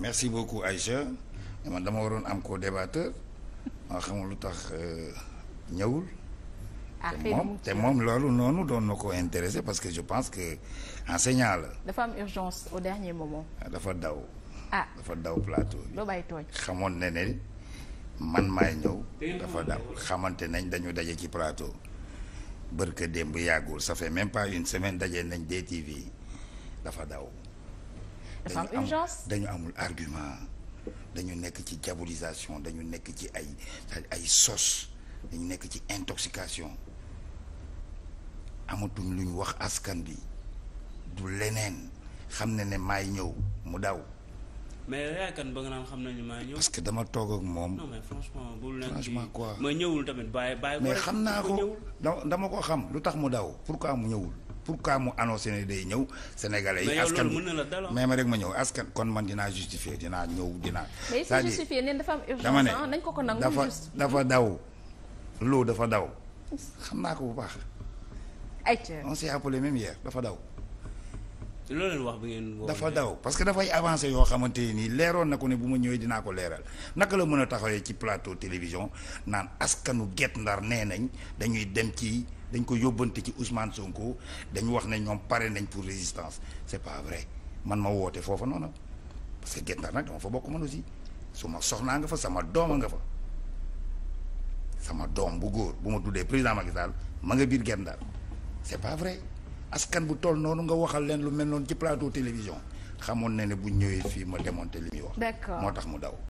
merci beaucoup Aïcha man dama waroon am ko débatteur maa xamul lu tax euh, ñëwul. Ah, te moom te moom loolu noonu doon na ko intéressé parce que je pense que enseignant la. dafa am urgence au ah, dafa daw. ah dafa daw plateau bi. xamoon na ne man maay ñëw. dafa daw xamante nañ dañu daje ci plateau. bërka bu yàggul ça fait même pas une semaine daje nañ DTV dafa daw. dafa am dañu amul argument dañu nekk ci diabolisation dañu nekk ci ay ay sos dañu nekk ci intoxication amatuñ luñu wax askan bi du leneen xam ne ne maay ñëw mu daw. mais yaakaar ba nga xam nañu maa ñëw. parce dama toog ak moom. non franchement quoi. ma ñëwul tamit bàyyi bàyyi ko xam naa ko dama ko xam lu tax mu daw pour pourquoi mu ñëwul. pourquoi kaamu annoncé ne day ñëw sénégalais yi. askan bi mais ma rek ma ñëw askan kon man dinaa justifier dinaa ñëw dinaa. c'est-à-dire dama ne dafa dafa daw loo dafa daw xam naa ko bu baax. on s'est appelé même hier dafa daw. loolu leen bi ngeen. dafa daw parce que dafay avancé yoo xamante nii leeroon na ko ne bu ma ñëwee dinaa ko leeral naka la mën a taxawee ci plateau télévision naan askanu Guet Ndar nee nañ dañuy dem ci dañ ko yóbbante ci Ousmane Sonko dañu wax ne ñoom pare nañ pour résistance c'est pas vrai man ma woote foofa noonu parce que Guet Ndar nag dama fa bokk man aussi su ma soxnaa nga fa sama doom a nga fa sama doom bu góor bu ma tuddee président Macky ma nga biir Guet Ndar c'est askan bu toll noonu nga waxal leen lu mel noonu ci plateau télévision xamoon na ne bu ñëwee fii ma démonté li muy wax. moo tax mu daw.